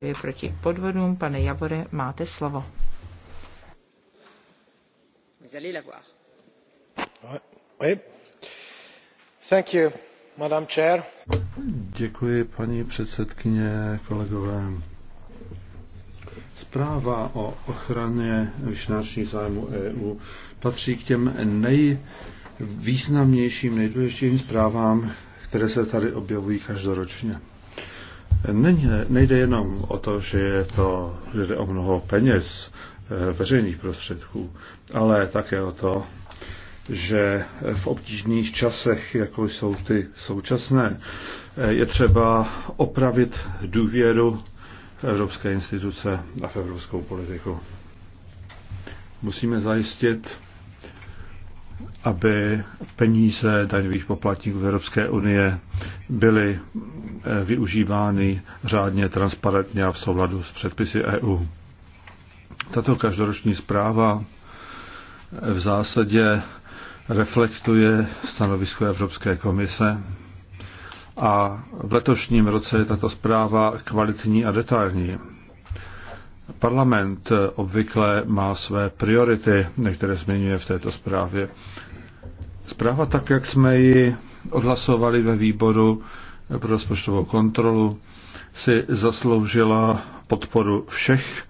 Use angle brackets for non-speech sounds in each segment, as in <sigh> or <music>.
je proti podvodům. Pane Javore, máte slovo. Děkuji, paní předsedkyně, kolegové. Zpráva o ochraně vyšnáčních zájmů EU patří k těm nejvýznamnějším, nejdůležitějším zprávám, které se tady objevují každoročně. Nejde, nejde jenom o to, že je to, že jde o mnoho peněz, eh, veřejných prostředků, ale také o to, že v obtížných časech, jako jsou ty současné, eh, je třeba opravit důvěru v evropské instituce a v evropskou politiku. Musíme zajistit, aby peníze daňových poplatníků Evropské unie byly eh, využívány řádně, transparentně a v souladu s předpisy EU. Tato každoroční zpráva eh, v zásadě reflektuje stanovisko Evropské komise a v letošním roce je tato zpráva kvalitní a detailní. Parlament obvykle má své priority, některé zmiňuje v této zprávě. Zpráva tak, jak jsme ji odhlasovali ve výboru pro rozpočtovou kontrolu, si zasloužila podporu všech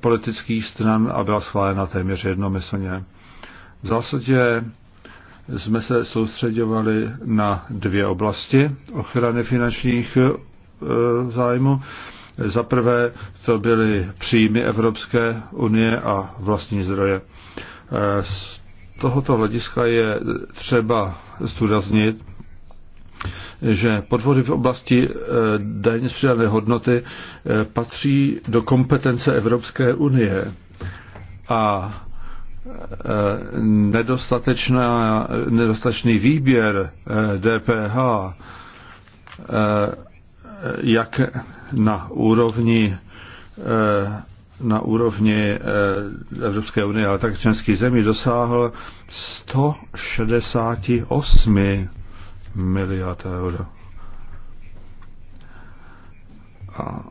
politických stran a byla schválena téměř jednomyslně. V zásadě jsme se soustředovali na dvě oblasti ochrany finančních e, zájmu za prvé to byly příjmy Evropské unie a vlastní zdroje. Eh, z tohoto hlediska je třeba zdůraznit, že podvody v oblasti eh, daně z přidané hodnoty eh, patří do kompetence Evropské unie a nedostatečný výběr DPH jak na úrovni eh, na úrovni eh, Evropské unie, ale tak členských zemí dosáhl 168 miliard euro. A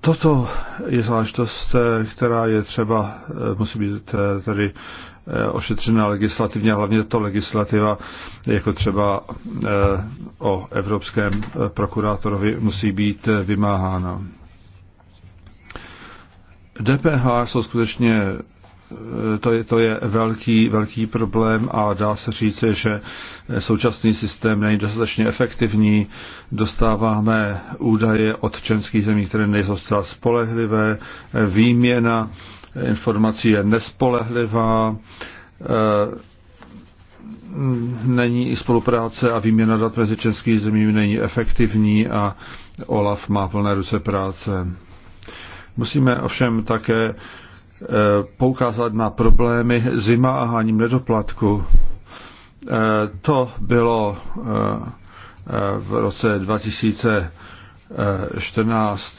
Toto je záležitost, eh, která je třeba, eh, musí být eh, tady ošetřena legislativně, hlavně to legislativa, jako třeba o evropském prokurátorovi, musí být vymáhána. DPH jsou skutečně to je, to je velký, velký problém a dá se říci, že současný systém není dostatečně efektivní. Dostáváme údaje od členských zemí, které nejsou zcela spolehlivé, výměna informací je nespolehlivá, není i spolupráce a výměna dat mezi českými zeměmi není efektivní a OLAF má plné ruce práce. Musíme ovšem také Eh, poukázat na problémy s vymáháním nedoplatku. Eh, to bylo eh, v roce 2014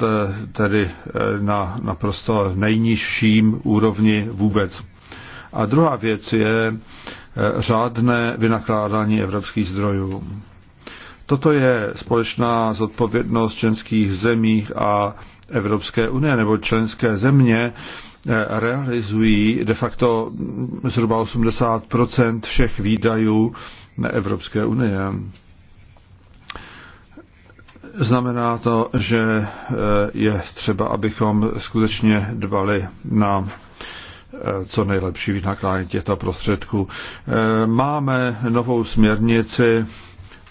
tedy na naprosto nejnižším úrovni vůbec. A druhá věc je řádné vynakládání evropských zdrojů. Toto je společná zodpovědnost členských zemí a Evropské unie nebo členské země eh, realizují de facto zhruba 80 všech výdajů na Evropské unie. Znamená to, že eh, je třeba, abychom skutečně dbali na eh, co nejlepší vynakládání těchto prostředků. Máme novou směrnici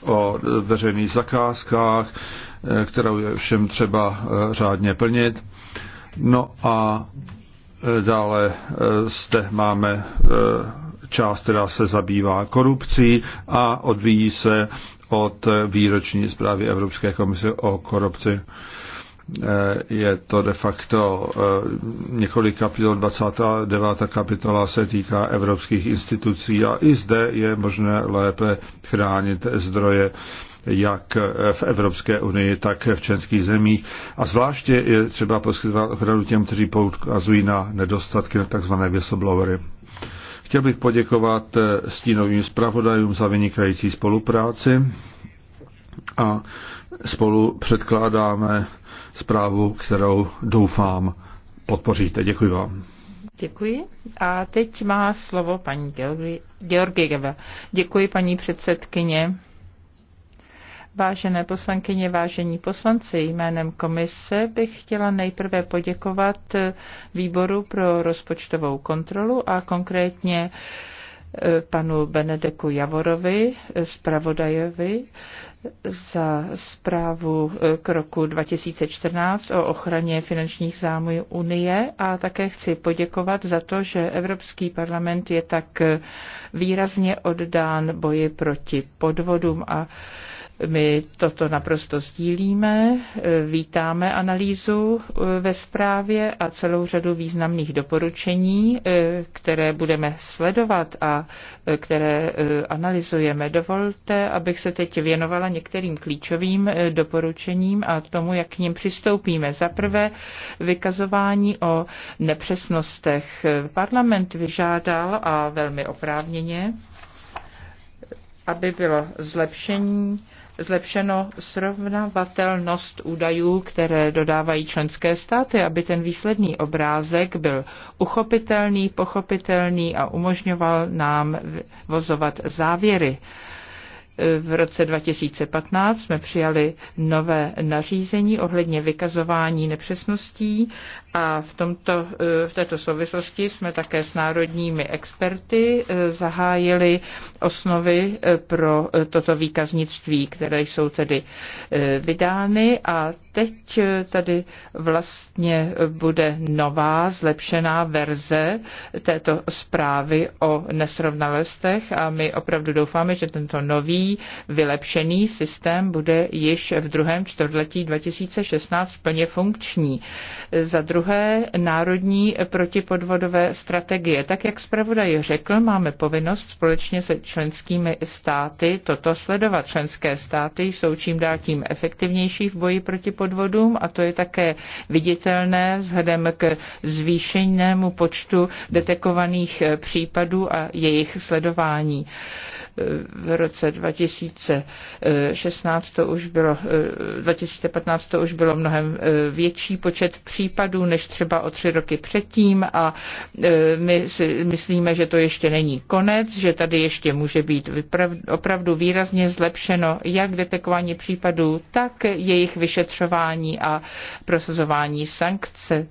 o veřejných zakázkách, Eh, kterou je všem třeba eh, řádně plnit. No a eh, dále zde máme část, která se zabývá korupcí a odvíjí se od výroční zprávy Evropské komise o korupci. Je to de facto několik kapitol, 29. kapitola se týká evropských institucí a i zde je možné lépe chránit zdroje jak v Evropské unii, tak v českých zemích. A zvláště je třeba poskytovat ochranu těm, kteří poukazují na nedostatky na tzv. whistleblowery. Chtěl bych poděkovat eh, stínovým zpravodajům za vynikající spolupráci a spolu předkládáme zprávu, kterou doufám podpoříte. Děkuji vám. Děkuji. A teď má slovo paní Georgieva. Děkuji, paní předsedkyně. Vážené poslankyně, vážení poslanci, jménem komise bych chtěla nejprve poděkovat výboru pro rozpočtovou kontrolu a konkrétně eh, panu Benedeku Javorovi, zpravodajovi, za zprávu eh, k roku 2014 o ochraně finančních zájmů Unie a také chci poděkovat za to, že Evropský parlament je tak eh, výrazně oddán boji proti podvodům a my toto naprosto sdílíme, vítáme analýzu eh, ve zprávě a celou řadu významných doporučení, eh, které budeme sledovat a eh, které analyzujeme. Dovolte, abych se teď věnovala některým klíčovým doporučením a tomu, jak k ním přistoupíme. Za prvé, vykazování o nepřesnostech. Parlament vyžádal a velmi oprávněně, aby bylo zlepšení zlepšeno srovnavatelnost údajů, které dodávají členské státy, aby ten výsledný obrázek byl uchopitelný, pochopitelný a umožňoval nám vozovat závěry. V roce 2015 jsme přijali nové nařízení ohledně vykazování nepřesností a v, tomto, eh, v této souvislosti jsme také s národními experty eh, zahájili osnovy eh, pro toto výkaznictví, které jsou tedy vydány a teď eh, tady vlastně eh, bude nová, zlepšená verze této zprávy o nesrovnalostech a my opravdu doufáme, že tento nový, vylepšený systém bude již v druhém čtvrtletí 2016 plně funkční. Za druhé, národní protipodvodové strategie. Tak, jak zpravodaj řekl, máme povinnost společně se členskými státy toto sledovat. Členské státy jsou čím dál tím efektivnější v boji proti podvodům podvodům a to je také viditelné vzhledem k zvýšenému počtu detekovaných eh, případů a jejich sledování v roce 2016 to už bylo, 2015 eh, to už bylo mnohem eh, větší počet případů než třeba o tři roky předtím a eh, my si myslíme, že to ještě není konec, že tady ještě může být opravdu výrazně zlepšeno jak detekování případů, tak jejich vyšetřování a prosazování sankce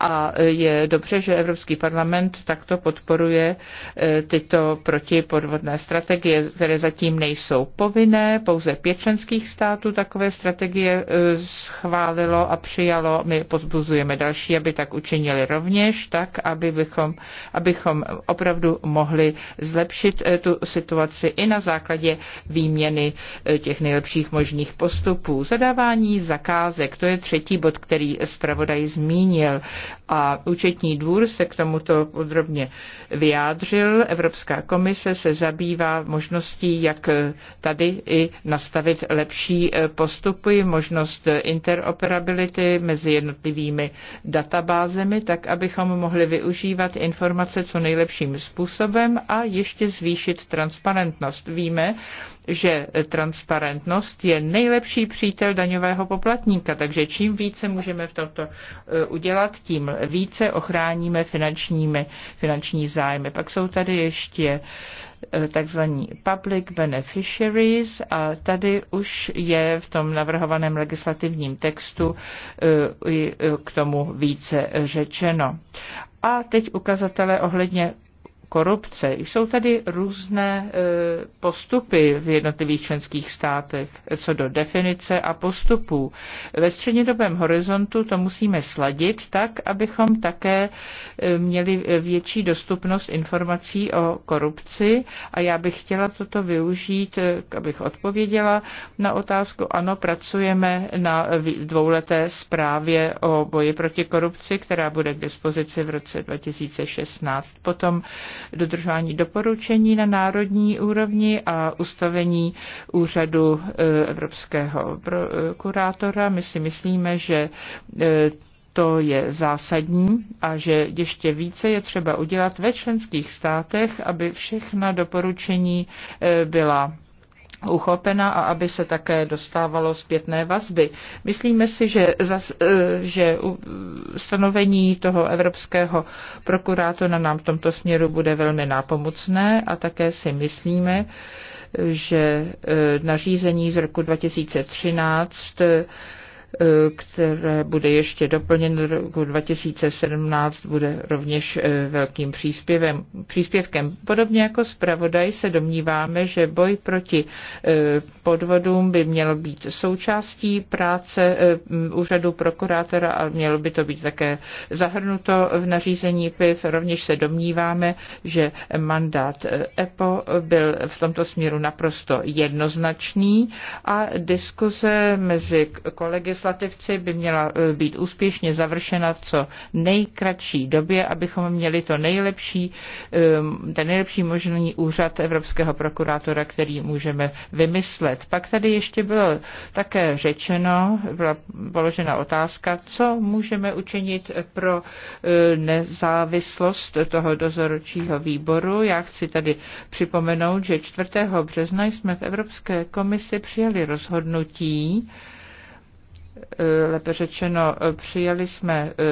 a je dobře, že Evropský parlament takto podporuje e, tyto protipodvodné strategie, které zatím nejsou povinné. Pouze pět členských států takové strategie e, schválilo a přijalo. My pozbuzujeme další, aby tak učinili rovněž, tak bychom, abychom opravdu mohli zlepšit e, tu situaci i na základě výměny těch nejlepších možných postupů. Zadávání zakázek, to je třetí bod, který zpravodaj zmínil a účetní dvůr se k tomuto podrobně vyjádřil. Evropská komise se zabývá možností, jak tady i nastavit lepší eh, postupy, možnost interoperability mezi jednotlivými databázemi, tak abychom mohli využívat informace co nejlepším způsobem a ještě zvýšit transparentnost. Víme, že transparentnost je nejlepší přítel daňového poplatníka, takže čím více můžeme v tomto e, udělat, tím více ochráníme finančními, finanční zájmy. Pak jsou tady ještě e, takzvaní public beneficiaries a tady už je v tom navrhovaném legislativním textu e, k tomu více řečeno. A teď ukazatele ohledně korupce. Jsou tady různé e, postupy v jednotlivých členských státech co do definice a postupů. Ve střednědobém horizontu to musíme sladit tak, abychom také e, měli větší dostupnost informací o korupci a já bych chtěla toto využít, e, abych odpověděla na otázku. Ano, pracujeme na dvouleté zprávě o boji proti korupci, která bude k dispozici v roce 2016. Potom dodržování doporučení na národní úrovni a ustavení úřadu e, evropského kurátora. My si myslíme, že e, to je zásadní a že ještě více je třeba udělat ve členských státech, aby všechna doporučení e, byla uchopena a aby se také dostávalo zpětné vazby. Myslíme si, že, zas, eh, že stanovení toho evropského prokurátora nám v tomto směru bude velmi nápomocné a také si myslíme, že eh, nařízení z roku 2013 E, které bude ještě doplněno do roku 2017, bude rovněž e, velkým příspěvem, příspěvkem. Podobně jako zpravodaj se domníváme, že boj proti e, podvodům by měl být součástí práce úřadu prokurátora a mělo by to být také zahrnuto v nařízení PIV. Rovněž se domníváme, že mandát EPO byl v tomto směru naprosto jednoznačný a diskuze mezi kolegy z legislativci by měla e, být úspěšně završena v co nejkratší době, abychom měli to nejlepší, e, ten nejlepší možný úřad Evropského prokurátora, který můžeme vymyslet. Pak tady ještě bylo také řečeno, byla položena otázka, co můžeme učinit pro e, nezávislost toho dozorčího výboru. Já chci tady připomenout, že 4. března jsme v Evropské komisi přijali rozhodnutí, Eh, lépe řečeno, eh, přijali jsme eh,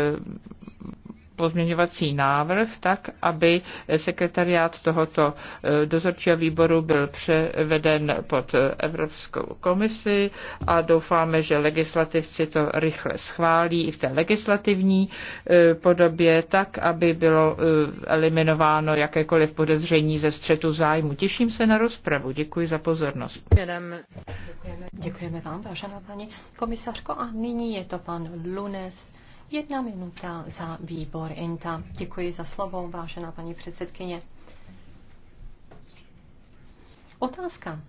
pozměňovací návrh tak, aby sekretariát tohoto eh, dozorčího výboru byl převeden pod Evropskou komisi a doufáme, že legislativci to rychle schválí i v té legislativní eh, podobě, tak, aby bylo eh, eliminováno jakékoliv podezření ze střetu zájmu. Těším se na rozpravu. Děkuji za pozornost. Děkujeme, Děkujeme vám, vážená paní komisařko. A nyní je to pan Lunes Jedna minuta za výbor INTA. Děkuji za slovo, vážená paní předsedkyně. Otázka,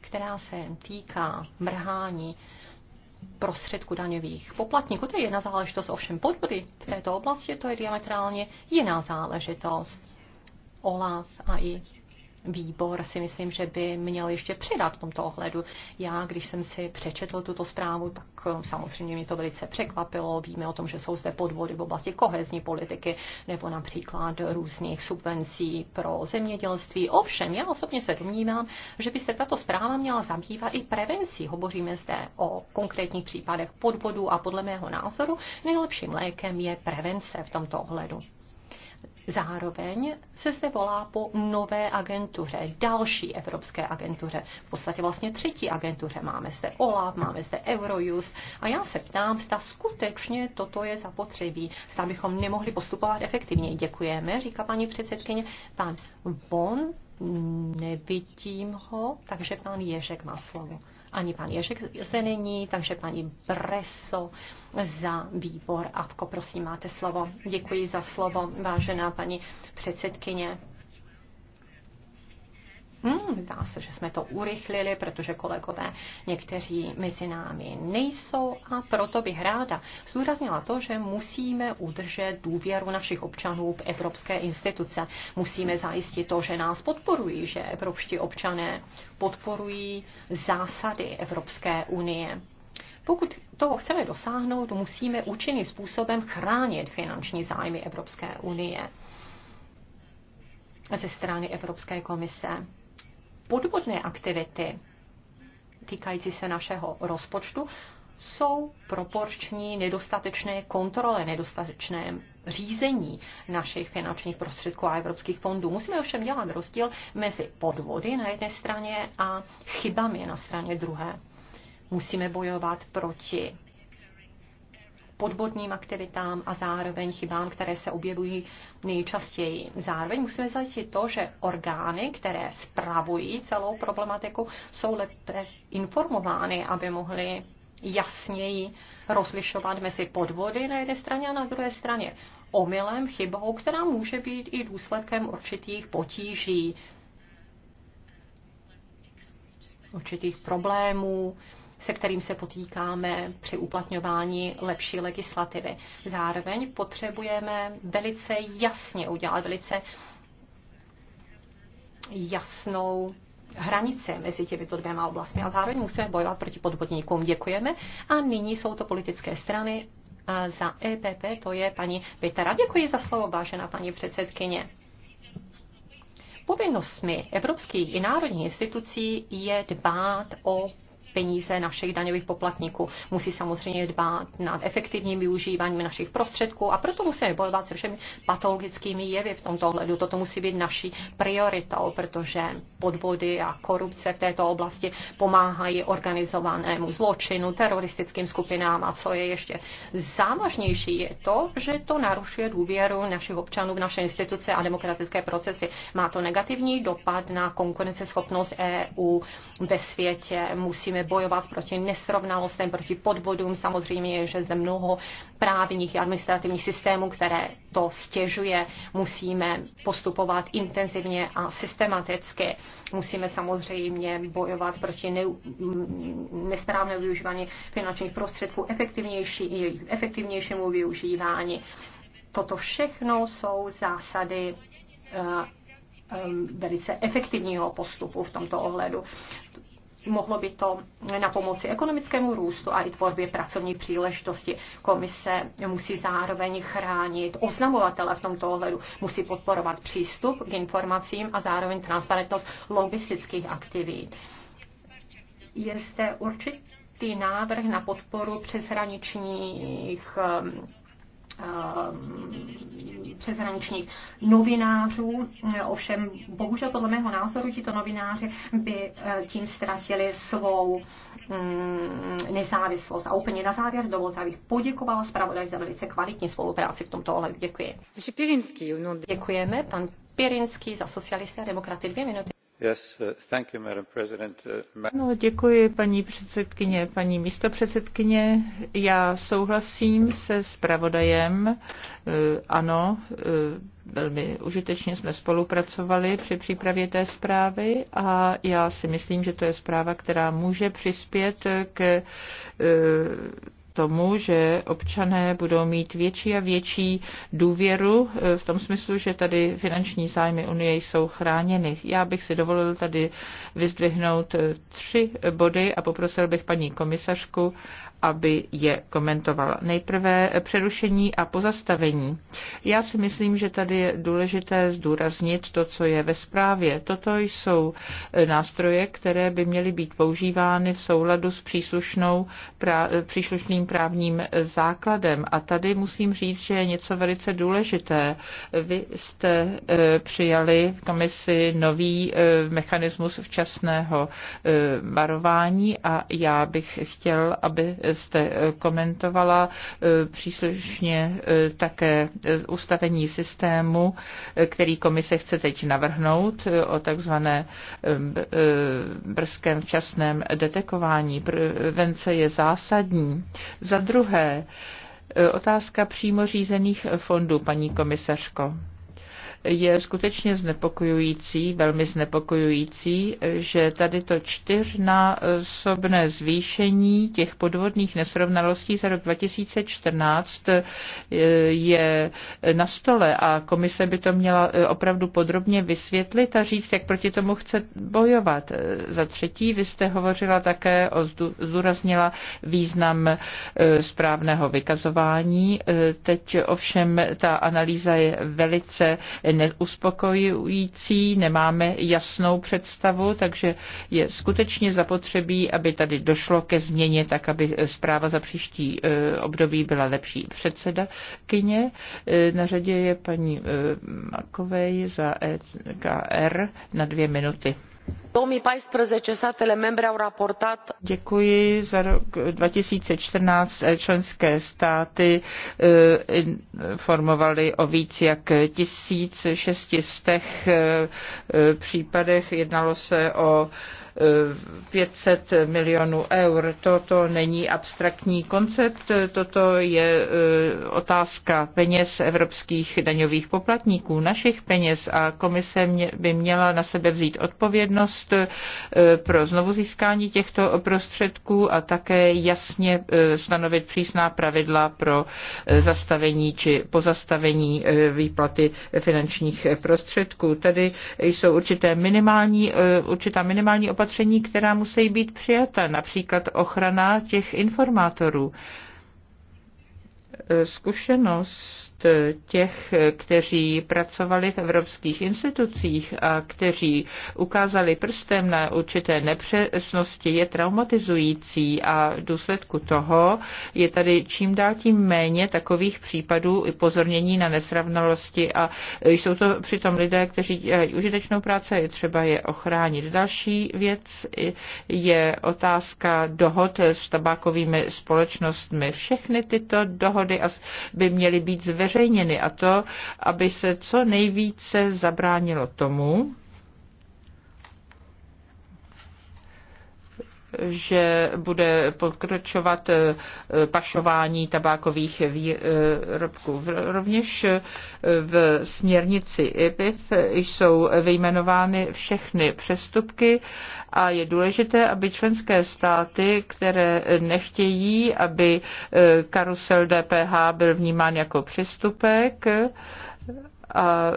která se týká mrhání prostředku daňových poplatníků. To je jedna záležitost, ovšem podvody v této oblasti to je diametrálně jiná záležitost. OLAF a i výbor si myslím, že by měl ještě přidat v tomto ohledu. Já, když jsem si přečetl tuto zprávu, tak eh, samozřejmě mě to velice překvapilo. Víme o tom, že jsou zde podvody v oblasti kohezní politiky nebo například různých subvencí pro zemědělství. Ovšem, já osobně se domnívám, že by se tato zpráva měla zabývat i prevencí. Hovoříme zde o konkrétních případech podvodů a podle mého názoru nejlepším lékem je prevence v tomto ohledu. Zároveň se zde volá po nové agentuře, další evropské agentuře, v podstatě vlastně třetí agentuře. Máme zde OLAV, máme zde Eurojust a já se ptám, zda skutečně toto je zapotřebí, zda bychom nemohli postupovat efektivně. Děkujeme, říká paní předsedkyně. Pan Bon, nevidím ho, takže pan Ježek má slovo ani pan Ježek zde není, takže paní Breso za výbor. Avko, prosím, máte slovo. Děkuji za slovo, vážená paní předsedkyně. Hmm, zdá se, že jsme to urychlili, protože kolegové někteří mezi námi nejsou a proto bych ráda zdůraznila to, že musíme udržet důvěru našich občanů v evropské instituce. Musíme zajistit to, že nás podporují, že evropští občané podporují zásady Evropské unie. Pokud toho chceme dosáhnout, musíme účinným způsobem chránit finanční zájmy Evropské unie ze strany Evropské komise podvodné aktivity týkající se našeho rozpočtu jsou proporční nedostatečné kontrole, nedostatečné řízení našich finančních prostředků a evropských fondů. Musíme ovšem dělat rozdíl mezi podvody na jedné straně a chybami na straně druhé. Musíme bojovat proti podvodným aktivitám a zároveň chybám, které se objevují nejčastěji. Zároveň musíme zajistit to, že orgány, které spravují celou problematiku, jsou lépe informovány, aby mohly jasněji rozlišovat mezi podvody na jedné straně a na druhé straně omylem, chybou, která může být i důsledkem určitých potíží, určitých problémů, se kterým se potýkáme při uplatňování lepší legislativy. Zároveň potřebujeme velice jasně udělat velice jasnou hranice mezi těmito dvěma oblastmi a zároveň musíme bojovat proti podvodníkům. Děkujeme. A nyní jsou to politické strany. A za EPP to je paní Petra. Děkuji za slovo, vážená paní předsedkyně. Povinnostmi evropských i národních institucí je dbát o peníze našich daňových poplatníků. Musí samozřejmě dbát nad efektivním využíváním našich prostředků a proto musíme bojovat se všemi patologickými jevy v tomto ohledu. Toto musí být naší prioritou, protože podvody a korupce v této oblasti pomáhají organizovanému zločinu, teroristickým skupinám a co je ještě závažnější je to, že to narušuje důvěru našich občanů v naše instituce a demokratické procesy. Má to negativní dopad na konkurenceschopnost EU ve světě. Musíme bojovat proti nesrovnalostem, proti podvodům. Samozřejmě je, že zde mnoho právních a administrativních systémů, které to stěžuje. Musíme postupovat intenzivně a systematicky. Musíme samozřejmě bojovat proti ne, mm, nesprávné využívání finančních prostředků, efektivnější, efektivnějšímu využívání. Toto všechno jsou zásady eh, eh, velice efektivního postupu v tomto ohledu mohlo by to na pomoci ekonomickému růstu a i tvorbě pracovní příležitosti. Komise musí zároveň chránit oznamovatele v tomto ohledu, musí podporovat přístup k informacím a zároveň transparentnost lobistických aktivit. Je zde určitý návrh na podporu přeshraničních Eh, přeshraničních novinářů. Ovšem, bohužel podle mého názoru, tito novináři by eh, tím ztratili svou mm, nezávislost. A úplně na závěr dovolte, abych poděkovala zpravodaj za velice kvalitní spolupráci v tomto ohledu. Děkuji. Děkujeme, pan Pirinský za socialisté a demokraty dvě minuty. Uh, uh, no, děkuji, paní předsedkyně, paní místopředsedkyně. Já souhlasím se zpravodajem. Uh, ano, velmi užitečně jsme spolupracovali při přípravě té zprávy a já si myslím, že to je zpráva, která může přispět k tomu, že občané budou mít větší a větší důvěru eh, v tom smyslu, že tady finanční zájmy Unie jsou chráněny. Já bych si dovolil tady vyzdvihnout eh, tři body a poprosil bych paní komisařku, aby je komentovala. Nejprve přerušení a pozastavení. Já si myslím, že tady je důležité zdůraznit to, co je ve zprávě. Toto jsou e, nástroje, které by měly být používány v souladu s příslušnou, prá, e, příslušným právním e, základem. A tady musím říct, že je něco velice důležité. Vy jste přijali v komisi nový mechanismus včasného varování a já bych chtěl, aby jste eh, komentovala, eh, příslušně eh, také ustavení systému, který komise chce teď navrhnout o takzvané brzkém včasném detekování. Prevence je zásadní. Za druhé, otázka přímo řízených fondů, paní komisařko je skutečně znepokojující, velmi znepokojující, že tady to čtyřnásobné zvýšení těch podvodných nesrovnalostí za rok 2014 eh, je na stole a komise by to měla eh, opravdu podrobně vysvětlit a říct, jak proti tomu chce bojovat. Eh, za třetí, vy jste hovořila také o, zdůraznila význam správného vykazování. Teď ovšem ta analýza je velice neuspokojující, nemáme jasnou představu, takže je skutečně zapotřebí, aby tady došlo ke změně, tak aby zpráva za příští e, období byla lepší. Kyně e, na řadě je paní e, Makovej za EKR na dvě minuty două mii paisprezece statele membre au raportat. Děkuji. Za rok 2014 členské státy eh, informovaly o více jak 1600 eh, případech. Jednalo se o 500 eh, milionů eur. Toto není abstraktní koncept, toto je otázka peněz evropských daňových poplatníků, našich peněz a komise by měla na sebe vzít odpovědnost možnost eh, pro znovuzískání těchto prostředků a také jasně eh, stanovit přísná pravidla pro eh, zastavení či pozastavení výplaty finančních prostředků. Tady jsou určité minimální, určitá minimální opatření, která musí být přijata, například ochrana těch informátorů. Zkušenost těch, kteří pracovali v evropských institucích a kteří ukázali prstem na určité nepřesnosti, je traumatizující a v důsledku toho je tady čím dál tím méně takových případů i pozornění na nesrovnalosti a jsou to přitom lidé, kteří dělají užitečnou práci a je třeba je ochránit. Další věc je otázka dohod s tabákovými společnostmi. Všechny tyto dohody by měly být zveřejněny zveřejněny a to, aby se co nejvíce zabránilo tomu, že bude pokračovat eh, pašování tabákových výrobků. Rovněž eh, v směrnici IPIF jsou vyjmenovány všechny přestupky a je důležité, aby členské státy, které nechtějí, aby eh, karusel DPH byl vnímán jako přestupek, a e,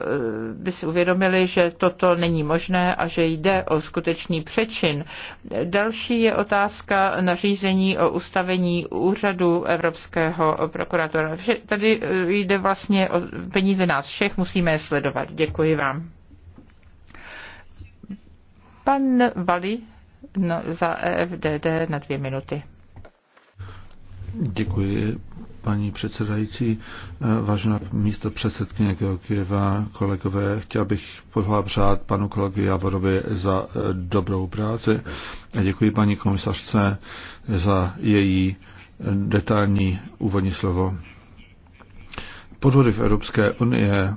by si uvědomili, že toto není možné a že jde o skutečný přečin. Další je otázka nařízení o ustavení úřadu Evropského prokurátora. Tady e, jde vlastně o peníze nás všech, musíme je sledovat. Děkuji vám. Pan Vali no, za EFDD na dvě minuty. Děkuji, paní předsedající. Vážená místo předsedkyně Georgieva, kolegové, chtěl bych pohlábřát panu kolegu Javorovi za eh, dobrou práci děkuji paní komisařce za její eh, detailní úvodní slovo. Podvody v Evropské unie eh,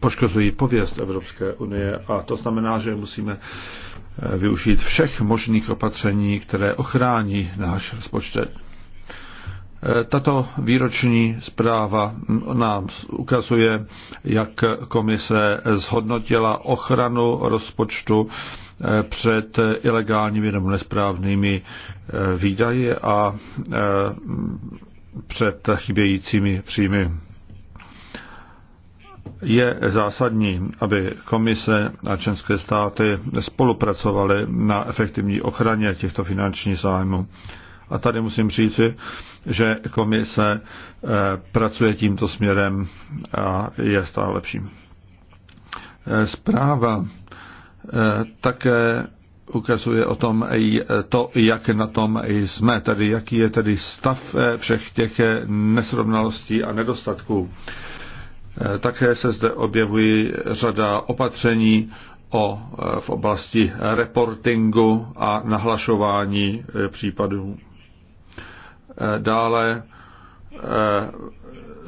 poškozují pověst Evropské unie a to znamená, že musíme využít všech možných opatření, které ochrání náš rozpočet. Tato výroční zpráva nám ukazuje, jak komise zhodnotila ochranu rozpočtu eh, před ilegálními nebo nesprávnými eh, výdaji a eh, před chybějícími příjmy je zásadní, aby komise a členské státy spolupracovaly na efektivní ochraně těchto finančních zájmů. A tady musím říci, že komise eh, pracuje tímto směrem a je stále lepším. Eh, zpráva eh, také ukazuje o tom to, jak na tom jsme, tedy jaký je tedy stav všech těch nesrovnalostí a nedostatků. Eh, také se zde objevují řada opatření o, eh, v oblasti reportingu a nahlašování eh, případů. Dále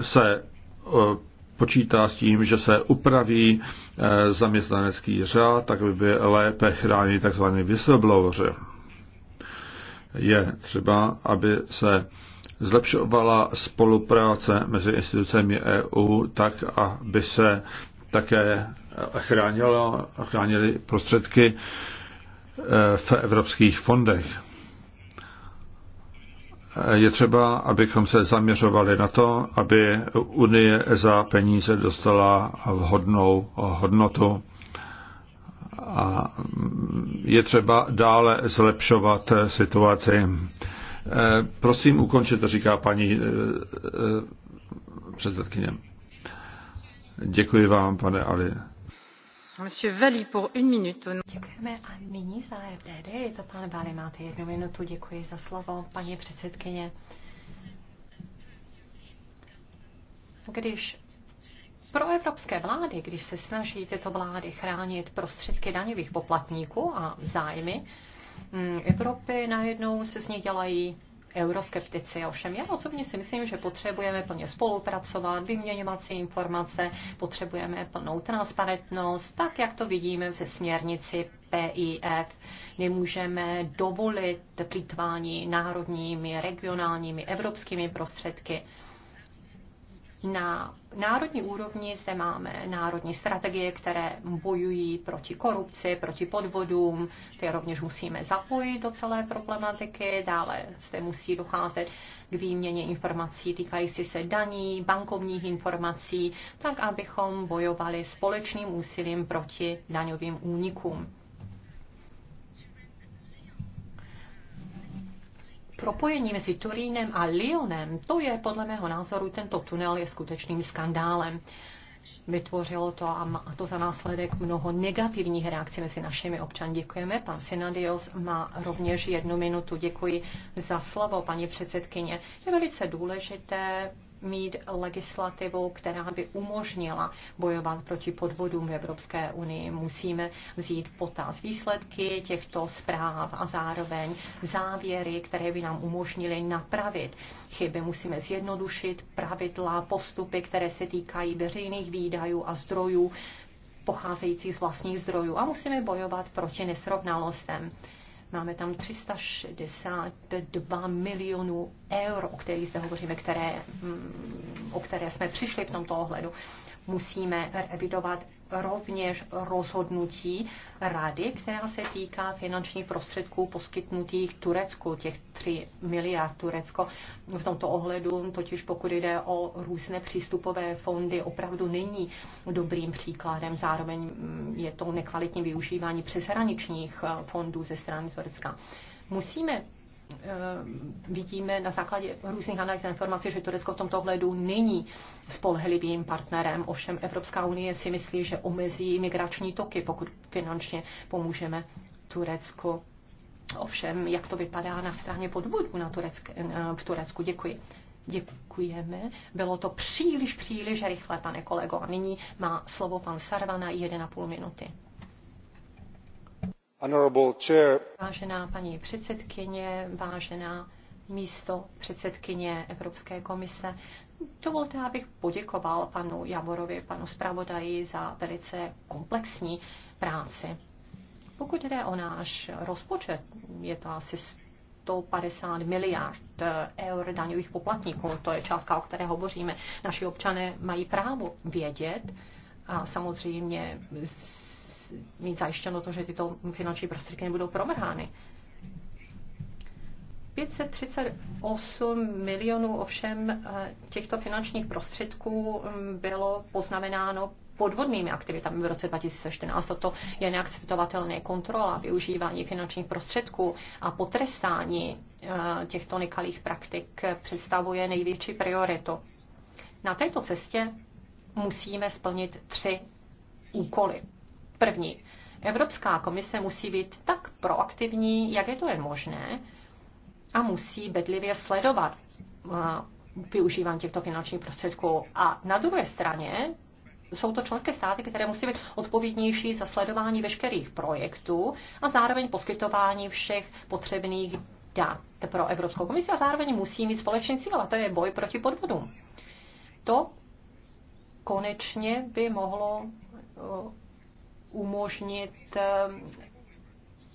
se počítá s tím, že se upraví zaměstnanecký řád, tak by byl lépe chránit tzv. whistleblowers. Je třeba, aby se zlepšovala spolupráce mezi institucemi EU tak, aby se také chránilo, chránili prostředky e, v evropských fondech. E, je třeba, abychom se zaměřovali na to, aby Unie za peníze dostala vhodnou hodnotu. A mm, je třeba dále zlepšovat situaci Eh, prosím, ukončete, říká paní eh, eh, předsedkyně. Děkuji vám, pane Ali. Vali pour une minute. Děkujeme a nyní za FDD je to pan Vali, máte jednu minutu, děkuji za slovo, paní předsedkyně. Když pro evropské vlády, když se snaží tyto vlády chránit prostředky daňových poplatníků a zájmy Mm, Evropy najednou se z ní dělají euroskeptici. Ovšem já osobně si myslím, že potřebujeme plně spolupracovat, vyměňovat si informace, potřebujeme plnou transparentnost, tak jak to vidíme ve směrnici PIF. Nemůžeme dovolit plítvání národními, regionálními, evropskými prostředky. Na národní úrovni zde máme národní strategie, které bojují proti korupci, proti podvodům, ty rovněž musíme zapojit do celé problematiky, dále zde musí docházet k výměně informací týkající se daní, bankovních informací, tak abychom bojovali společným úsilím proti daňovým únikům. propojení mezi Turínem a Lyonem, to je podle mého názoru, tento tunel je skutečným skandálem. Vytvořilo to a má to za následek mnoho negativních reakcí mezi našimi občany. Děkujeme. Pan Sinadios má rovněž jednu minutu. Děkuji za slovo, paní předsedkyně. Je velice důležité mít legislativu, která by umožnila bojovat proti podvodům v Evropské unii. Musíme vzít potaz výsledky těchto zpráv a zároveň závěry, které by nám umožnily napravit chyby. Musíme zjednodušit pravidla, postupy, které se týkají veřejných výdajů a zdrojů pocházejících z vlastních zdrojů a musíme bojovat proti nesrovnalostem. Máme tam 362 milionů eur, o kterých zde hovoříme, které, mm, o které jsme přišli v tomto ohledu. Musíme revidovat rovněž rozhodnutí rady, která se týká finančních prostředků poskytnutých Turecku, těch 3 miliard Turecko. V tomto ohledu, totiž pokud jde o různé přístupové fondy, opravdu není dobrým příkladem. Zároveň mm, je to nekvalitní využívání přeshraničních eh, fondů ze strany Turecka. Musíme Eh, vidíme na základě různých analýz informací, že Turecko v tomto ohledu není spolehlivým partnerem. Ovšem Evropská unie si myslí, že omezí migrační toky, pokud finančně pomůžeme Turecku. Ovšem, jak to vypadá na straně podvodů na Turecku? Eh, v Turecku? Děkuji. Děkujeme. Bylo to příliš, příliš rychle, pane kolego. A nyní má slovo pan Sarva na 1,5 minuty. Vážená paní předsedkyně, vážená místo předsedkyně Evropské komise. Dovolte, abych poděkoval panu Javorovi, panu zpravodaji za velice komplexní práci. Pokud jde o náš rozpočet, je to asi 150 miliard eur daňových poplatníků. To je částka, o které hovoříme. Naši občané mají právo vědět a samozřejmě z mít zajištěno to, že tyto finanční prostředky nebudou promrhány. 538 milionů ovšem eh, těchto finančních prostředků mm, bylo poznamenáno podvodnými aktivitami v roce 2014. Toto je neakceptovatelné. Kontrola využívání finančních prostředků a potrestání eh, těchto nekalých praktik představuje největší prioritu. Na této cestě musíme splnit tři úkoly. První. Evropská komise musí být tak proaktivní, jak je to jen možné, a musí bedlivě sledovat eh, využívání těchto finančních prostředků. A na druhé straně jsou to členské státy, které musí být odpovědnější za sledování veškerých projektů a zároveň poskytování všech potřebných dat pro Evropskou komisi a zároveň musí mít společný cíl, a to je boj proti podvodům. To konečně by mohlo eh, umožnit eh,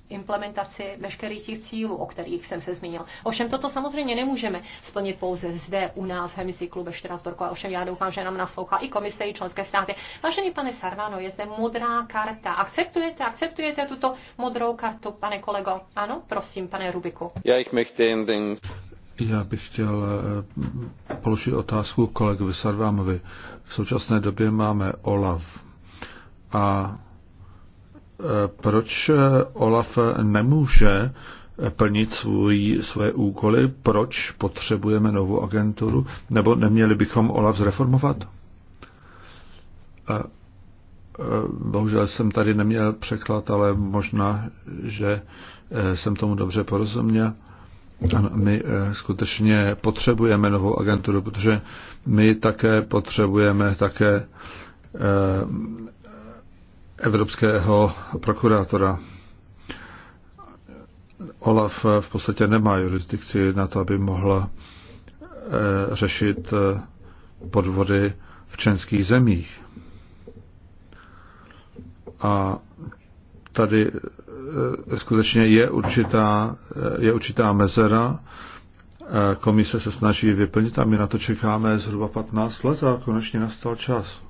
implementaci veškerých těch cílů, o kterých jsem se zmínil. Ovšem toto samozřejmě nemůžeme splnit pouze zde u nás v hemicyklu ve Štrasburku. A ovšem já doufám, že nám naslouchá i komise, i členské státy. Vážený pane Sarvano, je zde modrá karta. Akceptujete, akceptujete tuto modrou kartu, pane kolego? Ano, prosím, pane Rubiku. Já bych chtěl, ten, Já bych chtěl eh, položit otázku kolegovi Sarvánovi. V současné době máme OLAV a proč eh, Olaf nemůže plnit svůj, své úkoly, proč potřebujeme novou agenturu, nebo neměli bychom Olaf zreformovat? Eh, bohužel jsem tady neměl překlad, ale možná, že eh, jsem tomu dobře porozuměl. Ano, my skutečně potřebujeme novou agenturu, protože my také potřebujeme také evropského prokurátora. Olaf v podstatě nemá jurisdikci na to, aby mohl eh, řešit eh, podvody v členských zemích. A tady eh, skutečně je určitá, je určitá mezera. Komise se snaží vyplnit a my na to čekáme zhruba 15 let a konečně nastal čas.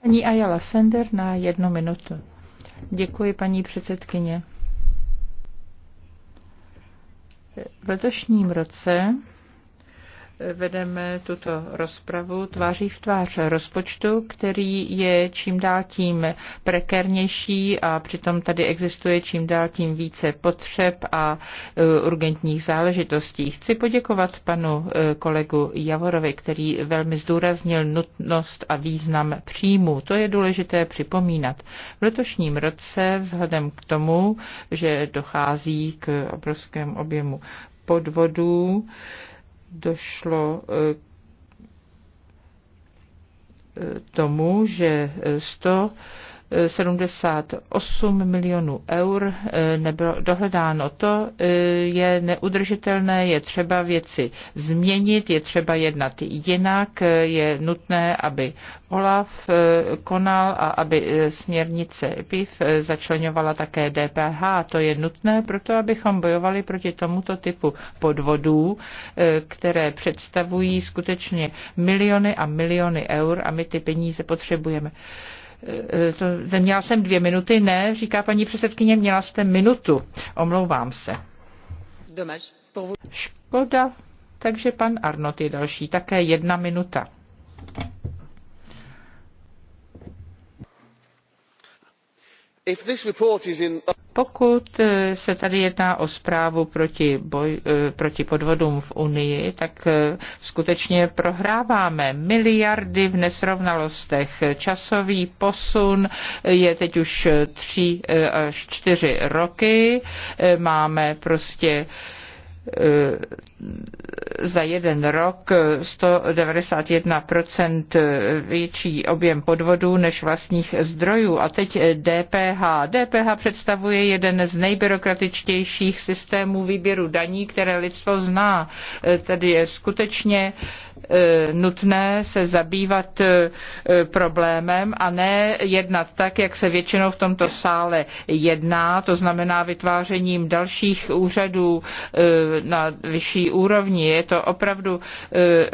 Paní Ayala Sender na jednu minutu. Děkuji, paní předsedkyně. V letošním roce vedeme tuto rozpravu tváří v tvář rozpočtu, který je čím dál tím prekernější a přitom tady existuje čím dál tím více potřeb a e, urgentních záležitostí. Chci poděkovat panu e, kolegu Javorovi, který velmi zdůraznil nutnost a význam příjmu. To je důležité připomínat. V letošním roce vzhledem k tomu, že dochází k obrovském objemu podvodů, došlo e, e, tomu, že 100 78 milionů eur e, nebylo dohledáno. To e, je neudržitelné, je třeba věci změnit, je třeba jednat jinak, e, je nutné, aby OLAF konal a aby směrnice PIF začlenovala také DPH. To je nutné proto, abychom bojovali proti tomuto typu podvodů, které představují skutečně miliony a miliony eur a my ty peníze potřebujeme. Eh, eh, to, neměla jsem dvě minuty, ne, říká paní předsedkyně, měla jste minutu. Omlouvám se. Škoda. Takže pan Arnot je další, také jedna minuta. Pokud eh, se tady jedná o zprávu proti, boj, eh, proti podvodům v Unii, tak eh, skutečně prohráváme miliardy v nesrovnalostech. Časový posun je teď už tři až čtyři roky. Máme prostě E, za jeden rok 191% větší objem podvodů než vlastních zdrojů. A teď DPH. DPH představuje jeden z nejbyrokratičtějších systémů výběru daní, které lidstvo zná. E, tedy je skutečně e, nutné se zabývat problémem a ne jednat tak, jak se většinou v tomto sále jedná, to znamená vytvářením dalších úřadů, na vyšší úrovni. Je to opravdu eh,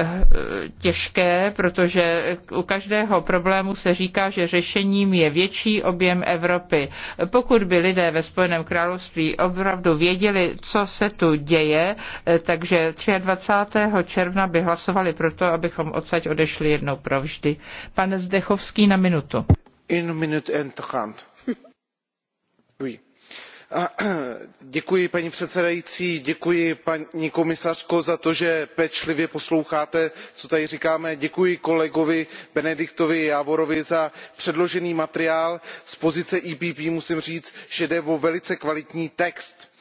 těžké, protože u každého problému se říká, že řešením je větší objem Evropy. Pokud by lidé ve Spojeném království opravdu věděli, co se tu děje, eh, takže 23. června by hlasovali to, abychom odsaď odešli jednou provždy. Pane Zdechovský na minutu. In minute and hand. <laughs> Oui. <clears throat> paní předsedající děkuji paní komisařko za to že pečlivě posloucháte co tady říkáme děkuji kolegovi benediktovi jávorovi za předložený materiál. z pozice ppe musím říct že jde o velice kvalitní text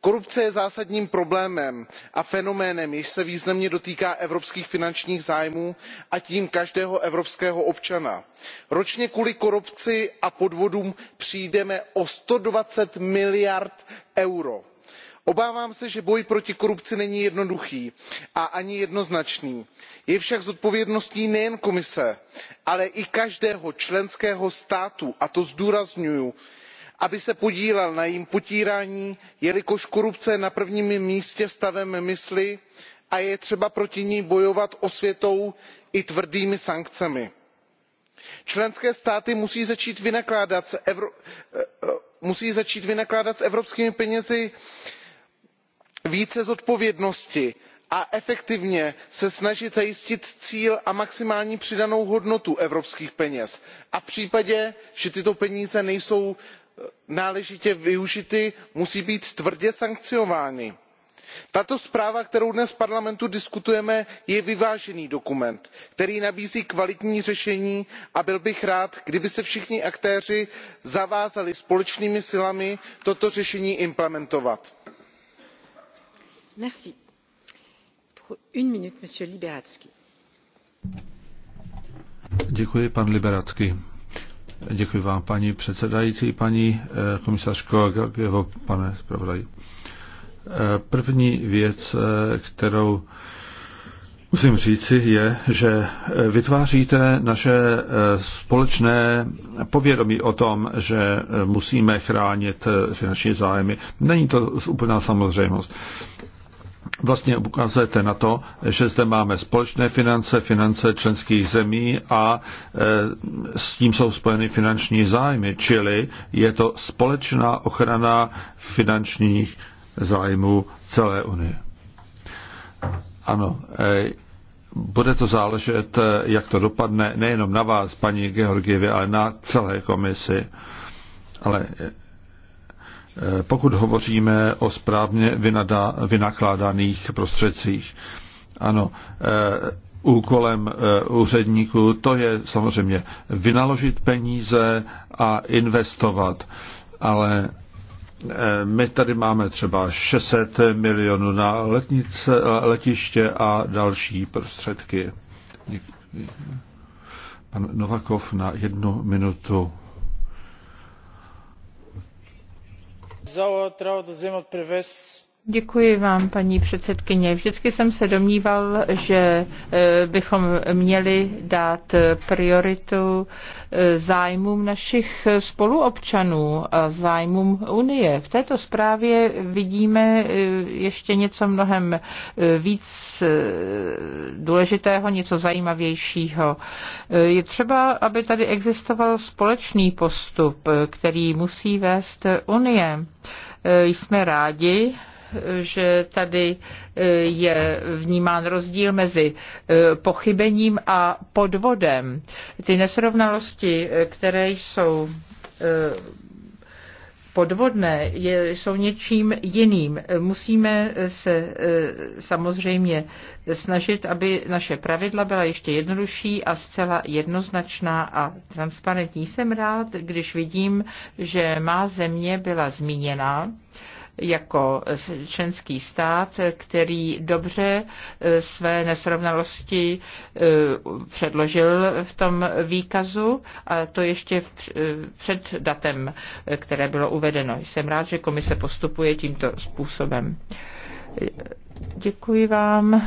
korupce je zásadním problémem a fenoménem jenž se významně dotýká evropských finančních zájmů a tím každého evropského občana. ročně kvůli korupci a podvodům přijdeme o one hundred and twenty miliard eur. obávám se že boj proti korupci není jednoduchý a ani jednoznačný. je však zodpovědností nejen komise ale i každého členského státu a to zdůrazňuji aby se podílel na jejím potírání jelikož korupce je na prvním místě stavem mysli a je třeba proti ní bojovat osvětou i tvrdými sankcemi. členské státy musí začít vynakládat s eh, eh, evropskými penězi více zodpovědnosti a efektivně se snažit zajistit cíl a maximální přidanou hodnotu evropských peněz a v případě že tyto peníze nejsou náležitě využity musí být tvrdě sankciovány. tato zpráva kterou dnes v parlamentu diskutujeme je vyvážený dokument který nabízí kvalitní řešení a byl bych rád kdyby se všichni aktéři zavázali společnými silami toto řešení implementovat. Děkuji, pan Děkuji vám, paní předsedající, paní eh, komisařko, jeho pane zpravodaj. Eh, první věc, eh, kterou musím říci, je, že vytváříte naše společné povědomí o tom, že musíme chránit finanční zájmy. Není to úplná samozřejmost vlastně ukazujete na to, že zde máme společné finance, finance členských zemí a e, s tím jsou spojeny finanční zájmy, čili je to společná ochrana finančních zájmů celé Unie. Ano, e, bude to záležet, e, jak to dopadne, nejenom na vás, paní Georgievě, ale na celé komisi. Ale Eh, pokud hovoříme o správně vynada, vynakládaných prostředcích. Ano, eh, úkolem eh, úředníků to je samozřejmě vynaložit peníze a investovat, ale my tady máme třeba 600 milionů na letnice, letiště a další prostředky. Pan Novakov na jednu minutu. vzalo trebalo to zajímat prevez Děkuji vám, paní předsedkyně. Vždycky jsem se domníval, že e, bychom měli dát prioritu e, zájmům našich spoluobčanů a zájmům Unie. V této zprávě vidíme e, ještě něco mnohem víc důležitého, něco zajímavějšího. Je třeba, aby tady existoval společný postup, který musí vést Unie. Jsme rádi, že tady e, je vnímán rozdíl mezi e, pochybením a podvodem. Ty nesrovnalosti, e, které jsou podvodné, jsou něčím jiným. Musíme se samozřejmě snažit, aby naše pravidla byla ještě jednodušší a zcela jednoznačná a transparentní. Jsem rád, když vidím, že má země byla zmíněna jako členský stát, který dobře eh, své nesrovnalosti eh, předložil v tom výkazu a to ještě eh, před datem, které bylo uvedeno. Jsem rád, že komise postupuje tímto způsobem. Děkuji vám,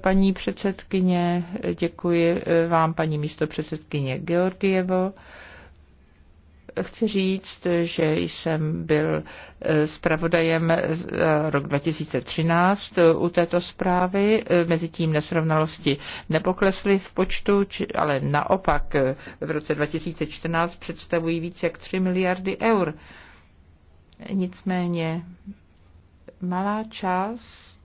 paní předsedkyně, děkuji vám, paní místopředsedkyně Georgievo chci říct, že jsem byl eh, zpravodajem eh, rok 2013 eh, u této zprávy. Mezitím nesrovnalosti nepoklesly v počtu, ale naopak v roce 2014 představují více jak 3 miliardy eur. Nicméně malá část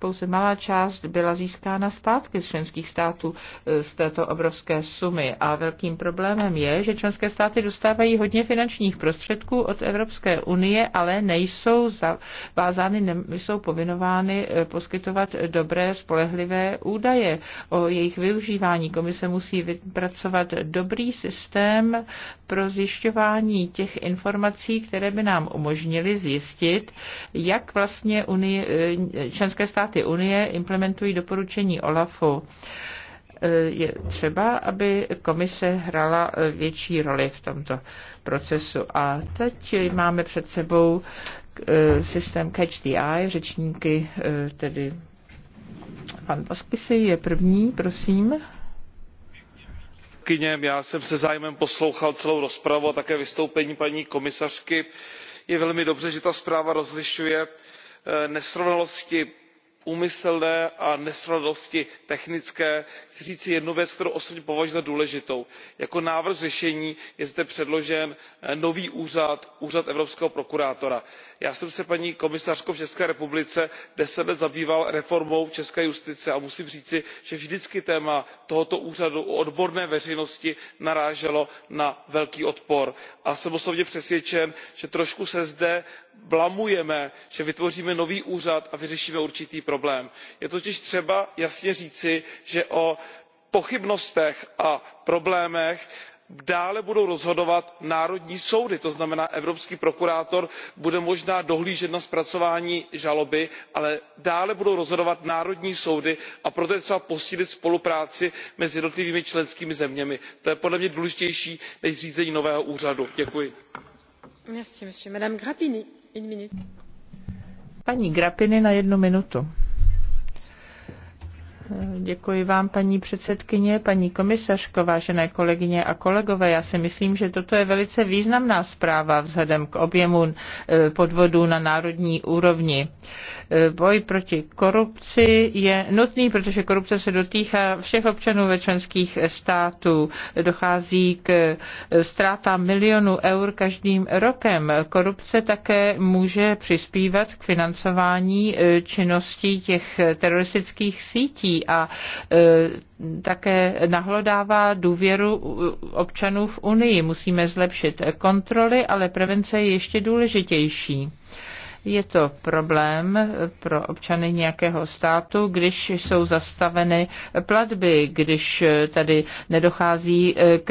pouze malá část byla získána zpátky z členských států e, z této obrovské sumy. A velkým problémem je, že členské státy dostávají hodně finančních prostředků od Evropské unie, ale nejsou zavázány, nejsou povinovány e, poskytovat dobré, spolehlivé údaje o jejich využívání. Komise musí vypracovat dobrý systém pro zjišťování těch informací, které by nám umožnily zjistit, jak vlastně unie, e, členské státy státy Unie implementují doporučení OLAFu eh, je třeba, aby komise hrála eh, větší roli v tomto procesu. A teď máme před sebou eh, systém Catch the Eye, řečníky, tedy pan Paskisy je první, prosím. Já jsem se zájmem poslouchal celou rozpravu a také vystoupení paní komisařky. Je velmi dobře, že ta zpráva rozlišuje nesrovnalosti úmyslné a nesrovnalosti technické chci říci jednu věc kterou osobně považuji za důležitou. jako návrh řešení je zde předložen eh, nový úřad úřad evropského prokurátora. já jsem se paní komisařko v české republice deset let zabýval reformou české justice a musím říci že vždycky téma tohoto úřadu u odborné veřejnosti naráželo na velký odpor a jsem osobně přesvědčen že trošku se zde blamujeme že vytvoříme nový úřad a vyřešíme určitý problém. je totiž třeba jasně říci že o pochybnostech a problémech dále budou rozhodovat národní soudy to znamená evropský prokurátor bude možná dohlížet na zpracování žaloby ale dále budou rozhodovat národní soudy a proto je třeba posílit spolupráci mezi jednotlivými členskými zeměmi. to je podle mě důležitější než zřízení nového úřadu. děkuji. Paní Grapiny na jednu minutu. Děkuji vám, paní předsedkyně, paní komisařko, vážené kolegyně a kolegové. Já si myslím, že toto je velice významná zpráva vzhledem k objemu eh, podvodů na národní úrovni. Eh, boj proti korupci je nutný, protože korupce se dotýká všech občanů ve členských států. Dochází k eh, ztrátám milionů eur každým rokem. Korupce také může přispívat k financování činností těch teroristických sítí a a e, také nahlodává důvěru občanů v Unii. Musíme zlepšit kontroly, ale prevence je ještě důležitější. Je to problém pro občany nějakého státu, když jsou zastaveny platby, když tady nedochází eh, k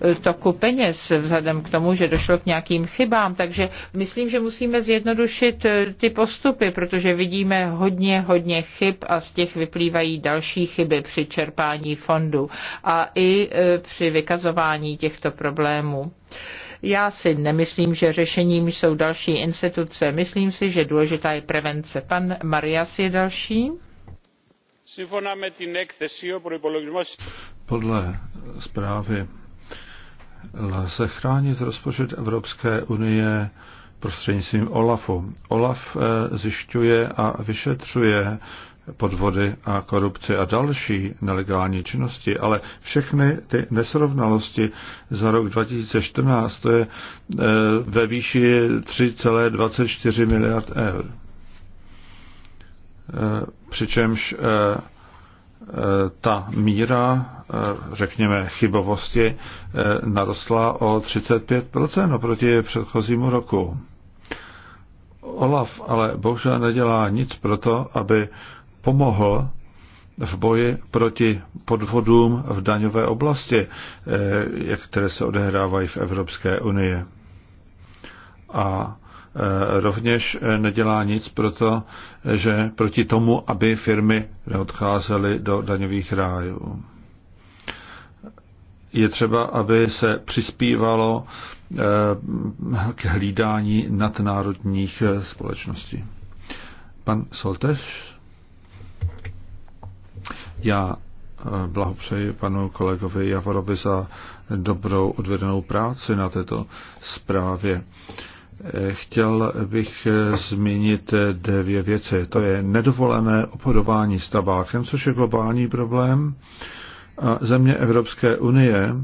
eh, toku peněz vzhledem k tomu, že došlo k nějakým chybám. Takže myslím, že musíme zjednodušit eh, ty postupy, protože vidíme hodně, hodně chyb a z těch vyplývají další chyby při čerpání fondu a i při vykazování těchto problémů. Já si nemyslím, že řešením jsou další instituce. Myslím si, že důležitá je prevence. Pan Marias je další. Podle zprávy lze chránit rozpočet Evropské unie prostřednictvím OLAFu. OLAF eh, zjišťuje a vyšetřuje podvody a korupci a další nelegální činnosti, ale všechny ty nesrovnalosti za rok 2014 to je eh, ve výši 3,24 miliard eur. Eh, přičemž eh, ta míra, řekněme, chybovosti narostla o 35% oproti předchozímu roku. Olaf ale bohužel nedělá nic proto, aby pomohl v boji proti podvodům v daňové oblasti, eh, které se odehrávají v Evropské unii. A eh, rovněž eh, nedělá nic proto, že proti tomu, aby firmy neodcházely do daňových rájů. Je třeba, aby se přispívalo k hlídání nadnárodních společností. Pan Solteš? Já eh, blahopřeji panu kolegovi Javorovi za dobrou odvedenou práci na této zprávě. Eh, chtěl bych eh, zmínit dvě věci. To je nedovolené obchodování s tabákem, což je globální problém. A země Evropské unie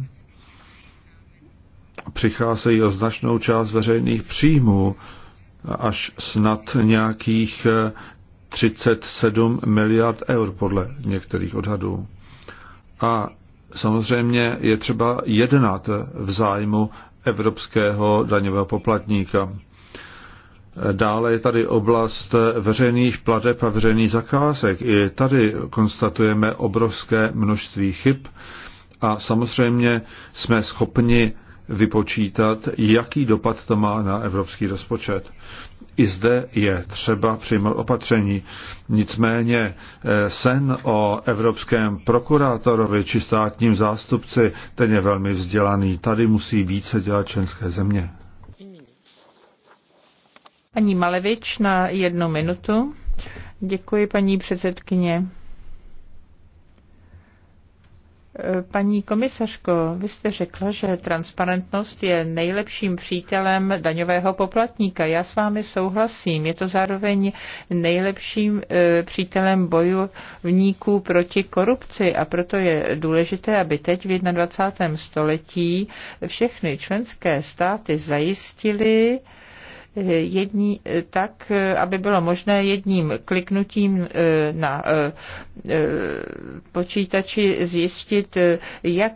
přicházejí o značnou část veřejných příjmů, až snad nějakých 37 miliard eur podle některých odhadů. A samozřejmě je třeba jednat v zájmu evropského daňového poplatníka. Dále je tady oblast veřejných plateb a veřejných zakázek. I tady konstatujeme obrovské množství chyb a samozřejmě jsme schopni vypočítat, jaký dopad to má na evropský rozpočet. I zde je třeba přijmout opatření. Nicméně eh, sen o evropském prokurátorovi či státním zástupci, ten je velmi vzdělaný. Tady musí více dělat členské země. Paní Malevič na jednu minutu. Děkuji, paní předsedkyně. Paní komisařko, vy jste řekla, že transparentnost je nejlepším přítelem daňového poplatníka. Já s vámi souhlasím. Je to zároveň nejlepším e, přítelem bojovníků proti korupci a proto je důležité, aby teď v 21. století všechny členské státy zajistily, jední, eh, tak, eh, aby bylo možné jedním kliknutím eh, na počítači zjistit, jak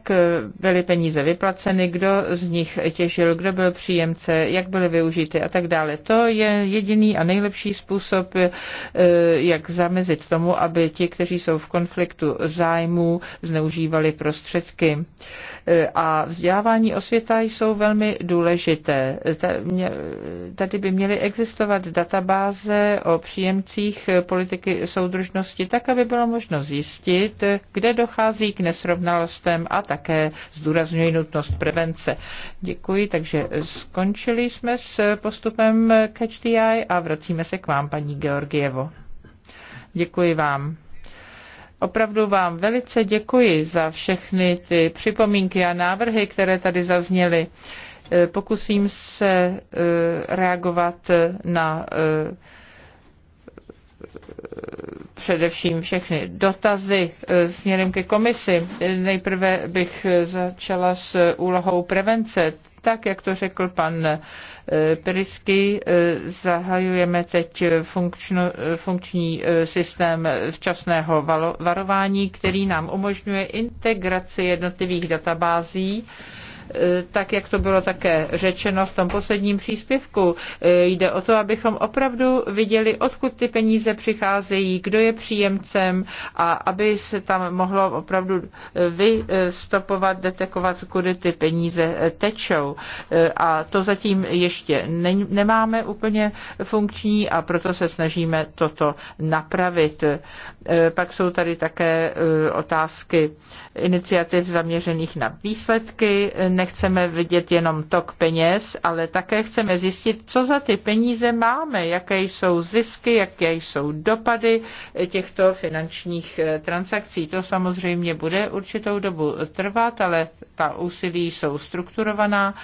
byly peníze vyplaceny, kdo z nich těžil, kdo byl příjemce, jak byly využity a tak dále. To je jediný a nejlepší způsob, jak zamezit tomu, aby ti, kteří jsou v konfliktu zájmů, zneužívali prostředky a vzdělávání osvěta jsou velmi důležité. Tady by měly existovat databáze o příjemcích politiky soudržnosti, tak aby bylo možno zjistit, kde dochází k nesrovnalostem a také zdůrazňuji nutnost prevence. Děkuji, takže skončili jsme s postupem Catch the Eye a vracíme se k vám, paní Georgievo. Děkuji vám. Opravdu vám velice děkuji za všechny ty připomínky a návrhy, které tady zazněly. Eh, pokusím se eh, reagovat na eh, především všechny dotazy směrem ke komisi. Nejprve bych začala s úlohou prevence. Tak, jak to řekl pan eh, Perisky, eh, zahajujeme teď funkčno, funkční eh, systém včasného varování, který nám umožňuje integraci jednotlivých databází Eh, tak jak to bylo také řečeno v tom posledním příspěvku, eh, jde o to, abychom opravdu viděli, odkud ty peníze přicházejí, kdo je příjemcem a aby se tam mohlo opravdu eh, vystopovat, detekovat, kudy ty peníze tečou. A to zatím ještě nemáme úplně funkční a proto se snažíme toto napravit. Pak jsou tady také otázky iniciativ zaměřených na výsledky, nechceme vidět jenom tok peněz, ale také chceme zjistit, co za ty peníze máme, jaké jsou zisky, jaké jsou dopady těchto finančních eh, transakcí. To samozřejmě bude určitou dobu trvat, ale ta úsilí jsou strukturovaná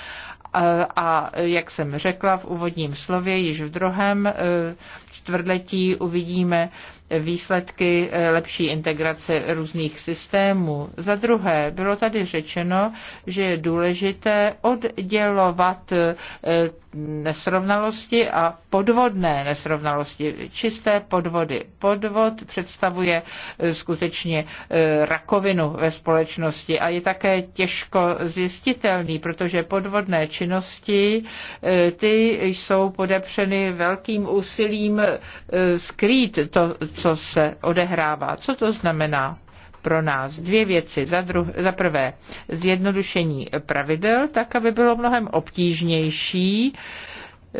eh, a jak jsem řekla v úvodním slově, již v druhém eh, čtvrtletí uvidíme výsledky eh, lepší integrace různých systémů. Za druhé, bylo tady řečeno, že je důležité oddělovat eh, nesrovnalosti a podvodné nesrovnalosti, čisté podvody. Podvod představuje eh, skutečně rakovinu ve společnosti a je také těžko zjistitelný, protože podvodné činnosti ty jsou podepřeny velkým úsilím skrýt to, co se odehrává. Co to znamená? pro nás dvě věci. Za, druh- za prvé zjednodušení pravidel, tak aby bylo mnohem obtížnější eh,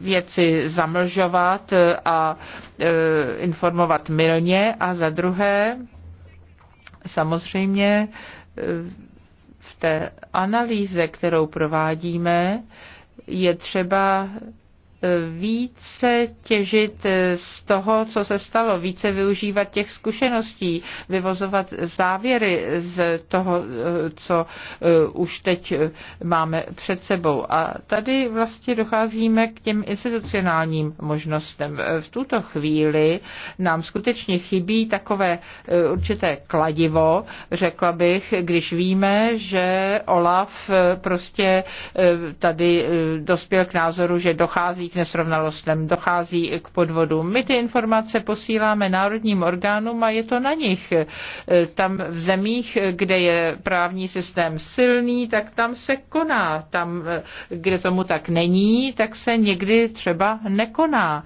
věci zamlžovat a eh, informovat milně a za druhé samozřejmě eh, v té analýze, kterou provádíme, je třeba více těžit z toho, co se stalo, více využívat těch zkušeností, vyvozovat závěry z toho, eh, co eh, už teď máme před sebou. A tady vlastně docházíme k těm institucionálním možnostem. V tuto chvíli nám skutečně chybí takové eh, určité kladivo, řekla bych, když víme, že Olaf prostě tady dospěl k názoru, že dochází dochází k nesrovnalostem, dochází k podvodům. My ty informace posíláme národním orgánům a je to na nich. E, tam v zemích, kde je právní systém silný, tak tam se koná. Tam, e, kde tomu tak není, tak se někdy třeba nekoná.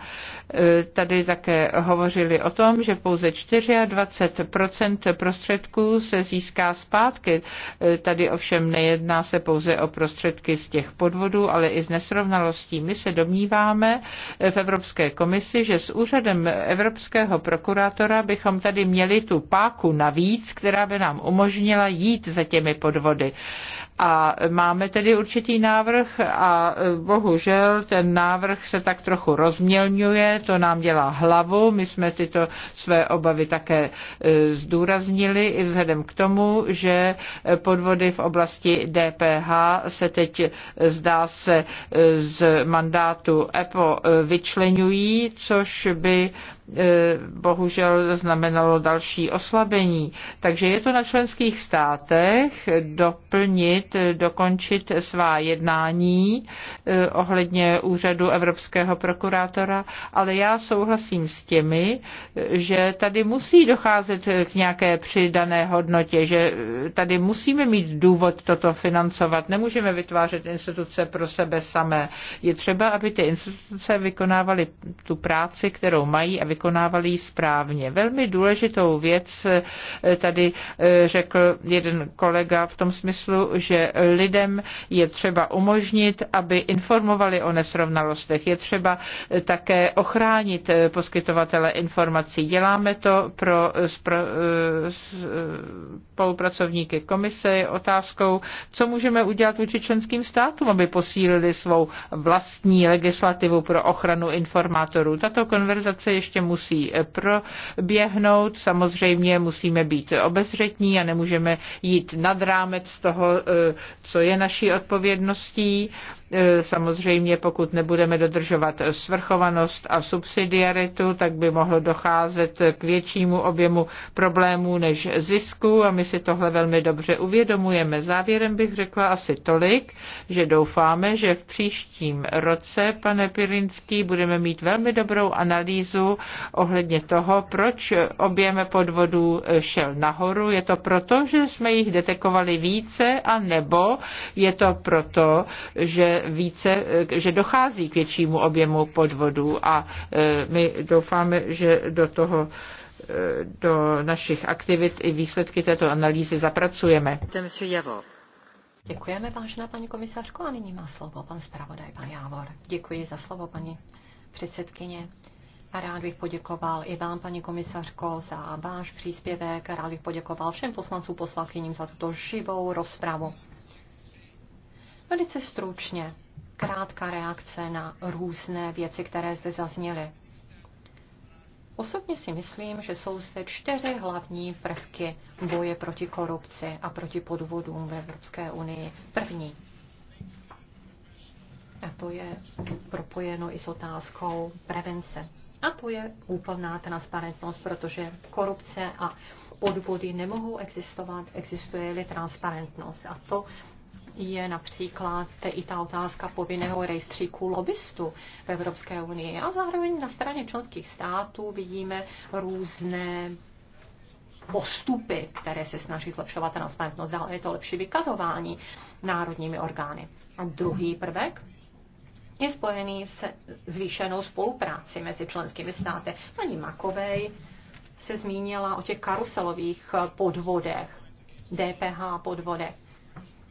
E, tady také hovořili o tom, že pouze 24 prostředků se získá zpátky. E, tady ovšem nejedná se pouze o prostředky z těch podvodů, ale i z nesrovnalostí. My se domníváme v Evropské komisi, že s úřadem Evropského prokurátora bychom tady měli tu páku navíc, která by nám umožnila jít za těmi podvody. A máme tedy určitý návrh a e, bohužel ten návrh se tak trochu rozmělňuje, to nám dělá hlavu. My jsme tyto své obavy také e, zdůraznili i vzhledem k tomu, že e, podvody v oblasti DPH se teď zdá se z mandátu EPO vyčlenují, což by E, bohužel znamenalo další oslabení. Takže je to na členských státech doplnit, dokončit svá jednání e, ohledně úřadu Evropského prokurátora, ale já souhlasím s těmi, e, že tady musí docházet k nějaké přidané hodnotě, že tady musíme mít důvod toto financovat. Nemůžeme vytvářet instituce pro sebe samé. Je třeba, aby ty instituce vykonávaly tu práci, kterou mají a vykonávaly ji správně. Velmi důležitou věc eh, tady eh, řekl jeden kolega v tom smyslu, že lidem je třeba umožnit, aby informovali o nesrovnalostech. Je třeba eh, také ochránit poskytovatele informací. Děláme to pro spolupracovníky komise. otázkou, co můžeme udělat vůči členským státům, aby posílili svou vlastní legislativu pro ochranu informátorů. Tato konverzace ještě musí eh, proběhnout. Samozřejmě musíme být obezřetní a nemůžeme jít nad rámec toho, eh, co je naší odpovědností. E, samozřejmě, pokud nebudeme dodržovat svrchovanost a subsidiaritu, tak by mohlo docházet k většímu objemu problémů než zisku a my si tohle velmi dobře uvědomujeme. Závěrem bych řekla asi tolik, že doufáme, že v příštím roce, pane Pirinský, budeme mít velmi dobrou analýzu ohledně toho, proč objem podvodů šel nahoru. Je to proto, že jsme jich detekovali více a nebo je to proto, že více, že dochází k většímu objemu podvodů a e, my doufáme, že do toho e, do našich aktivit i výsledky této analýzy zapracujeme. Děkujeme, vážená paní komisařko, a nyní má slovo pan zpravodaj, pan Jávor. Děkuji za slovo, paní předsedkyně. A rád bych poděkoval i vám, paní komisařko, za váš příspěvek. Rád bych poděkoval všem poslancům, poslankyním za tuto živou rozpravu. Velice stručně, krátká reakce na různé věci, které zde zazněly. Osobně si myslím, že jsou zde čtyři hlavní prvky boje proti korupci a proti podvodům ve Evropské unii. První. A to je propojeno i s otázkou prevence. A to je úplná transparentnost, protože korupce a podvody nemohou existovat, existuje-li transparentnost. A to je například i ta otázka povinného rejstříku lobbystů v Evropské unii. A zároveň na straně členských států vidíme různé postupy, které se snaží zlepšovat transparentnost, dále je to lepší vykazování národními orgány. A druhý prvek je spojený se zvýšenou spolupráci mezi členskými státy. Paní Makovej se zmínila o těch karuselových podvodech, DPH podvodech.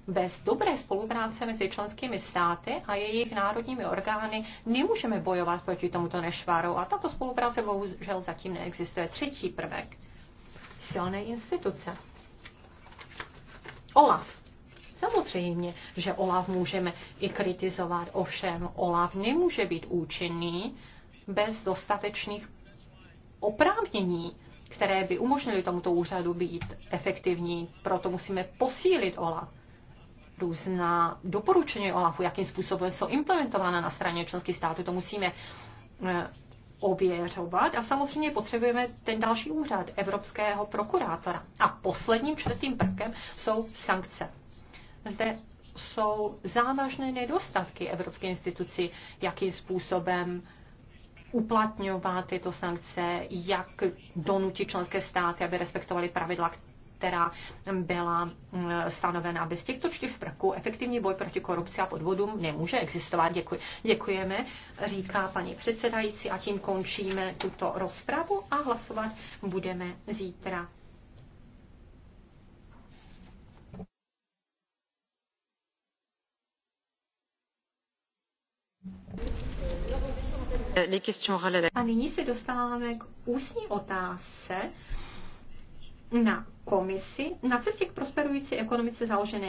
Bez dobré spolupráce mezi členskými státy a jejich národními orgány nemůžeme bojovat proti tomuto nešvaru a tato spolupráce bohužel zatím neexistuje. Třetí prvek. Silné instituce. OLAF. Samozřejmě, že OLAF můžeme i kritizovat, ovšem OLAF nemůže být účinný bez dostatečných oprávnění, které by umožnily tomuto úřadu být efektivní. Proto musíme posílit OLAF různá doporučení OLAFu, jakým způsobem jsou implementována na straně členských států. To musíme e, ověřovat a samozřejmě potřebujeme ten další úřad evropského prokurátora. A posledním čtvrtým prvkem jsou sankce. Zde jsou závažné nedostatky evropské instituci, jakým způsobem uplatňovat tyto sankce, jak donutit členské státy, aby respektovali pravidla, která byla mm, stanovena. Bez těchto čtyř prvků efektivní boj proti korupci a podvodům nemůže existovat. Děkuji. Děkujeme, říká paní předsedající a tím končíme tuto rozpravu a hlasovat budeme zítra. A nyní se dostáváme k ústní otázce na komisi na cestě k prosperující ekonomice založené